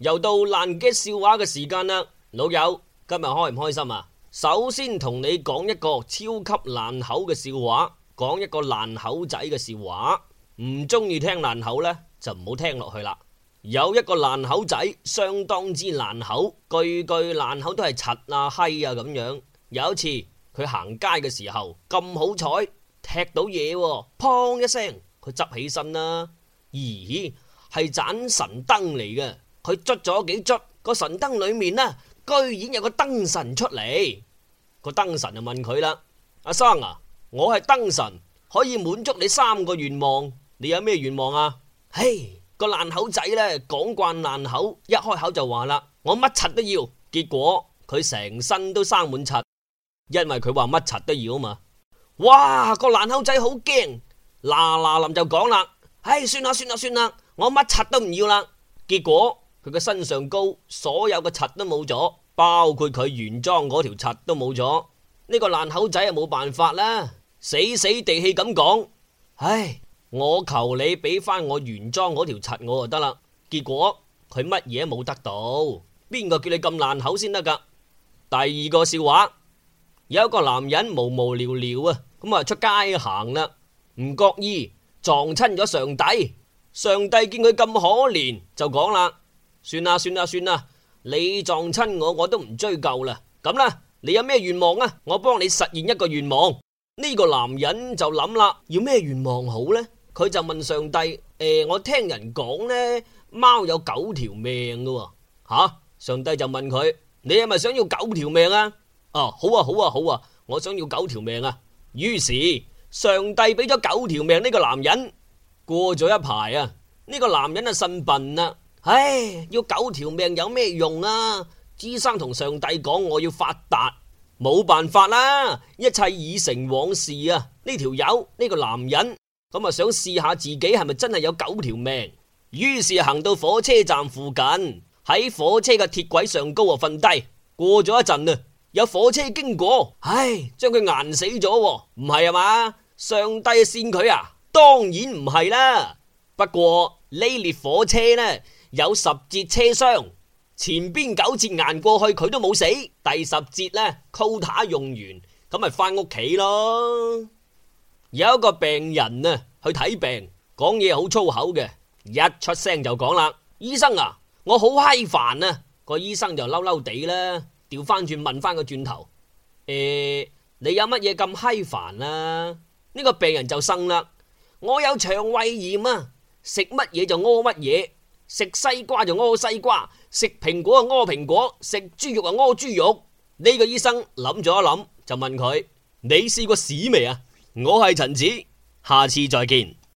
又到爛嘅笑話嘅時間啦，老友今日開唔開心啊？首先同你講一個超級爛口嘅笑話，講一個爛口仔嘅笑話。唔中意聽爛口呢，就唔好聽落去啦。有一個爛口仔，相當之爛口，句句爛口都係柒啊、閪啊咁樣。有一次佢行街嘅時候咁好彩，踢到嘢，哦，砰一聲，佢執起身啦，咦，係盞神燈嚟嘅。佢捽咗幾捽，個神燈裏面呢，居然有個燈神出嚟。個燈神就問佢啦：，阿生啊，我係燈神，可以滿足你三個願望。你有咩願望啊？嘿，個爛口仔呢，講慣爛口，一開口就話啦，我乜柒都要。結果佢成身都生滿柒，因為佢話乜柒都要啊嘛。哇，個爛口仔好驚，嗱嗱臨就講啦：，唉，算啦算啦算啦，我乜柒都唔要啦。結果。佢嘅身上高，所有嘅柒都冇咗，包括佢原裝嗰條柒都冇咗。呢、這個爛口仔又冇辦法啦，死死地氣咁講，唉，我求你俾翻我原裝嗰條柒我就得啦。結果佢乜嘢都冇得到，邊個叫你咁爛口先得噶？第二個笑話，有一個男人無無聊聊啊，咁啊出街行啦，唔覺意撞親咗上帝。上帝見佢咁可憐，就講啦。算啦算啦算啦，你撞親我我都唔追究啦。咁啦，你有咩願望啊？我幫你實現一個願望。呢個男人就諗啦，要咩願望好呢？佢就問上帝，欸，我聽人講呢，貓有九條命㗎，吓？上帝就問佢，你係咪想要九條命啊？哦，好啊好啊好啊，我想要九條命啊！於是上帝俾咗九條命呢個男人。過咗一排啊，呢個男人啊信笨啦。唉，要九條命有咩用啊？朱生同上帝講，我要發達，冇辦法啦，一切已成往事啊！呢條友呢個男人咁啊，想試下自己係咪真係有九條命，於是行到火車站附近，喺火車嘅鐵軌上高啊瞓低。過咗一陣啊，有火車經過，唉，將佢硬死咗。啊，唔係啊嘛？上帝善佢啊？當然唔係啦。不過呢列火車呢？有十節車廂，前邊九節硬過去，佢都冇死。第十節呢，co 塔用完咁咪翻屋企咯。有一個病人啊，去睇病，講嘢好粗口嘅，一出聲就講啦。醫生啊，我好嗨煩啊。個醫生就嬲嬲地啦，調翻轉問翻個轉頭，誒，你有乜嘢咁嗨煩啊？呢個病人就生啦，我有腸胃炎啊，食乜嘢就屙乜嘢。食西瓜就屙西瓜，食蘋果就屙蘋果，食豬肉就屙豬肉。呢個醫生諗咗一諗，就問佢：你試過屎未呀？我係陳子，下次再見。